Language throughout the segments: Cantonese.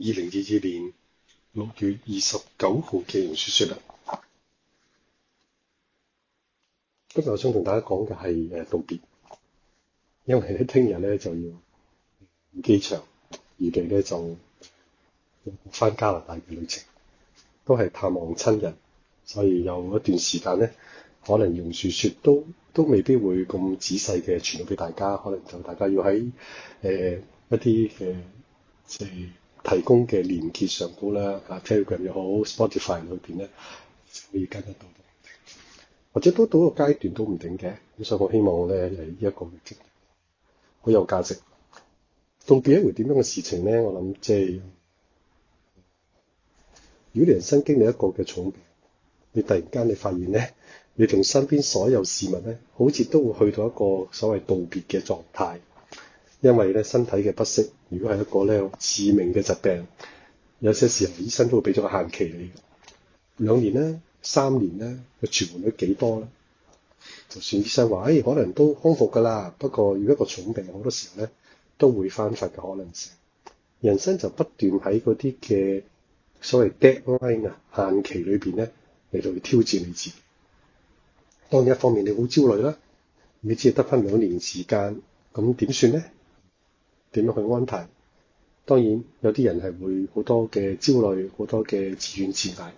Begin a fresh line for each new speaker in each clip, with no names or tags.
二零二二年六月二十九號嘅榕樹雪啦。今日我想同大家講嘅係誒道別，因為咧聽日咧就要機場，而嚟咧就返加拿大嘅旅程，都係探望親人，所以有一段時間咧，可能榕樹雪都都未必會咁仔細嘅傳到俾大家，可能就大家要喺誒、呃、一啲嘅即係，呃就是提供嘅連結上高啦啊 Telegram 又好，Spotify 裏邊咧可以跟得到，或者都到一個階段都唔定嘅，咁所以我希望咧係呢一個嘅經驗，好有價值。道別一回點樣嘅事情咧，我諗即係如果你人生經歷一個嘅重病，你突然間你發現咧，你同身邊所有事物咧，好似都會去到一個所謂道別嘅狀態。因為咧身體嘅不適，如果係一個咧致命嘅疾病，有些時候醫生都會俾咗個限期你，兩年咧、三年咧嘅存活率幾多咧？就算醫生話，誒、哎、可能都康復㗎啦，不過要一個重病好多時候咧都會翻發嘅可能性。人生就不斷喺嗰啲嘅所謂 deadline 啊限期裏邊咧嚟到去挑戰你自己。當然一方面你好焦慮啦，你只係得翻兩年時間，咁點算咧？點樣去安排？當然有啲人係會好多嘅焦慮，好多嘅自怨自艾。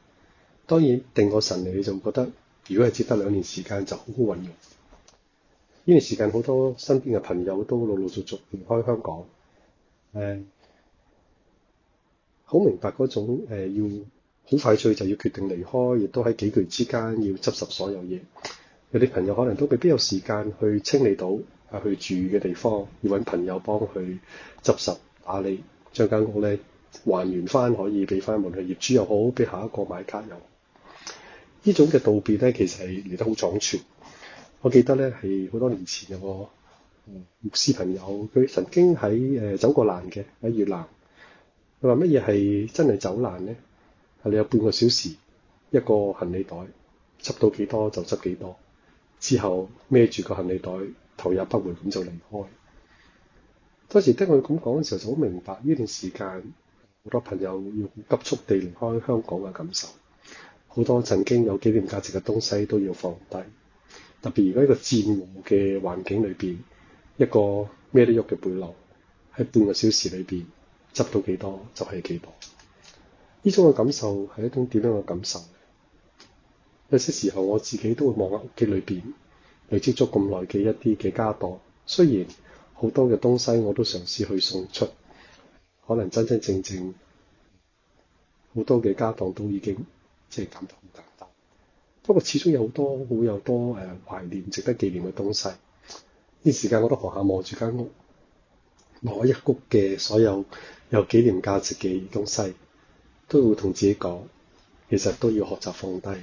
當然定個神嚟，你就覺得如果係只得兩年時間，就好好運用呢段時間。好多身邊嘅朋友都陸陸續續離開香港，誒、呃、好明白嗰種、呃、要好快脆就要決定離開，亦都喺幾個月之間要執拾所有嘢。有啲朋友可能都未必有時間去清理到。去住嘅地方，要揾朋友幫佢執拾打理將間屋咧，還原翻可以俾翻門去。業主又好，俾下一個買家又好。呢種嘅道別咧，其實係嚟得好倉促。我記得咧係好多年前個牧師朋友，佢曾經喺誒、呃、走過難嘅喺越南，佢話乜嘢係真係走難咧？係你有半個小時一個行李袋，執到幾多就執幾多，之後孭住個行李袋。頭也不回咁就離開。當時聽佢咁講嘅時候，就好明白呢段時間好多朋友要急速地離開香港嘅感受，好多曾經有紀念價值嘅東西都要放低。特別而家一個戰慄嘅環境裏邊，一個孭得喐嘅背囊喺半個小時裏邊執到幾多就係幾多。呢種嘅感受係一種點樣嘅感受？有些時候我自己都會望下屋企裏邊。累積咗咁耐嘅一啲嘅家當，雖然好多嘅東西我都嘗試去送出，可能真真正正好多嘅家當都已經即係減到好簡單。不過始終有好多好有多誒，懷念、值得紀念嘅東西。呢段時間我都行下望住間屋，望一屋嘅所有有紀念價值嘅東西，都會同自己講，其實都要學習放低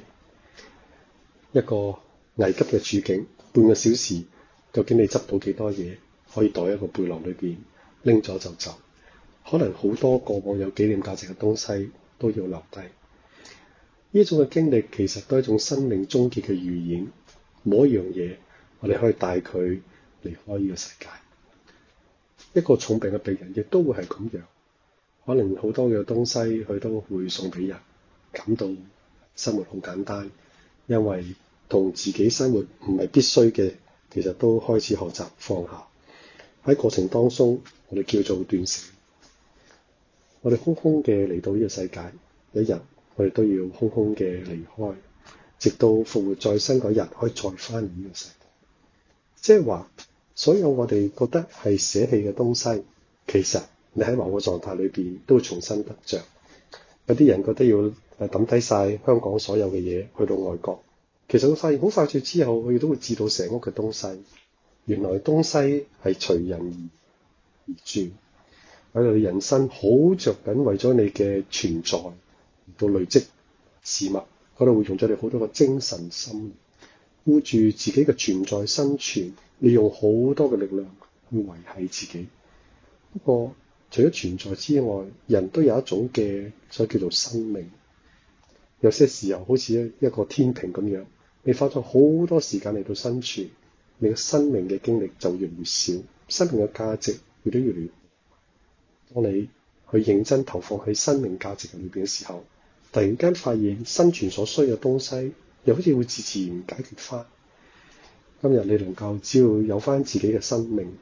一個危急嘅處境。半個小時，究竟你執到幾多嘢可以袋喺個背囊裏邊拎咗就走？可能好多過往有紀念價值嘅東西都要留低。呢種嘅經歷其實都係一種生命終結嘅預演。冇一樣嘢，我哋可以帶佢離開呢個世界。一個重病嘅病人亦都會係咁樣，可能好多嘅東西佢都會送俾人，感到生活好簡單，因為，同自己生活唔係必須嘅，其實都開始學習放下。喺過程當中，我哋叫做斷捨。我哋空空嘅嚟到呢個世界一日，我哋都要空空嘅離開，直到復活再生嗰日可以再翻嚟呢個世界。即係話，所有我哋覺得係捨棄嘅東西，其實你喺某個狀態裏邊都會重新得着。有啲人覺得要抌低晒香港所有嘅嘢去到外國。其實我發現好快脆之後，我亦都會知道成屋嘅東西。原來東西係隨人而轉喺度，人生好着緊，為咗你嘅存在而到累積事物。嗰度會用咗你好多個精神心，顧住自己嘅存在生存，你用好多嘅力量去維繫自己。不過除咗存在之外，人都有一種嘅，所以叫做生命。有些時候好似一一個天平咁樣。你花咗好多時間嚟到生存，你嘅生命嘅經歷就越嚟越少，生命嘅價值亦都越嚟越少。當你去認真投放喺生命價值裏邊嘅時候，突然間發現生存所需嘅東西，又好似會自自然解決翻。今日你能夠只要有翻自己嘅生命，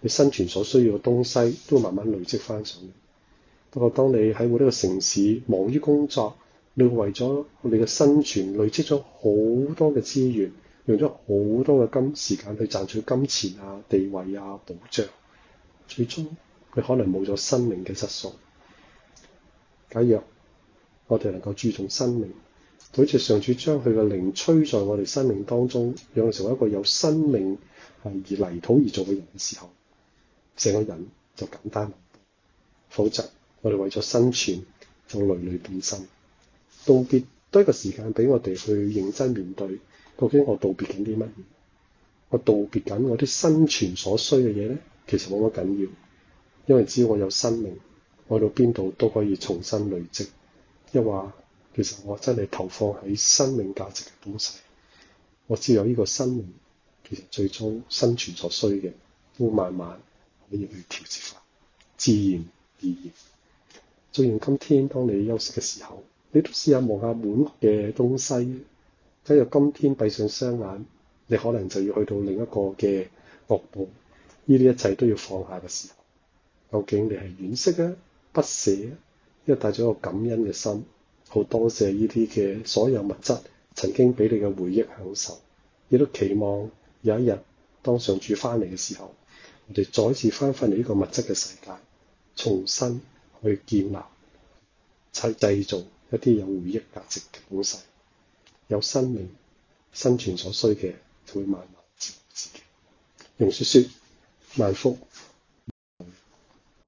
你生存所需要嘅東西，都會慢慢累積翻上嚟。不過當你喺每個城市忙於工作，你為咗我哋嘅生存，累積咗好多嘅資源，用咗好多嘅金時間去賺取金錢啊、地位啊、保障，最終你可能冇咗生命嘅質素。假若我哋能夠注重生命，就好似上主將佢嘅靈吹在我哋生命當中，養成為一個有生命係而泥土而做嘅人嘅時候，成個人就簡單。否則我哋為咗生存，就累累變身。道別多一個時間俾我哋去認真面對，究竟我道別緊啲乜嘢？我道別緊我啲生存所需嘅嘢咧，其實冇乜緊要，因為只要我有生命，我去到邊度都可以重新累積。一話其實我真係投放喺生命價值嘅東西，我只有呢個生命，其實最終生存所需嘅都慢慢可以去調節翻，自然而然。再用今天，當你休息嘅時候。你都試下望下滿屋嘅東西。假如今天閉上雙眼，你可能就要去到另一個嘅角落。呢啲一切都要放下嘅時候，究竟你係惋惜啊、不捨啊，因為帶咗一個感恩嘅心，好多謝呢啲嘅所有物質曾經俾你嘅回憶享受。亦都期望有一日當上主翻嚟嘅時候，我哋再次翻返嚟呢個物質嘅世界，重新去建立、砌、製造。一啲有回憶價值嘅東西，有生命生存所需嘅，就會慢慢照顧自己。用說說，晚福》。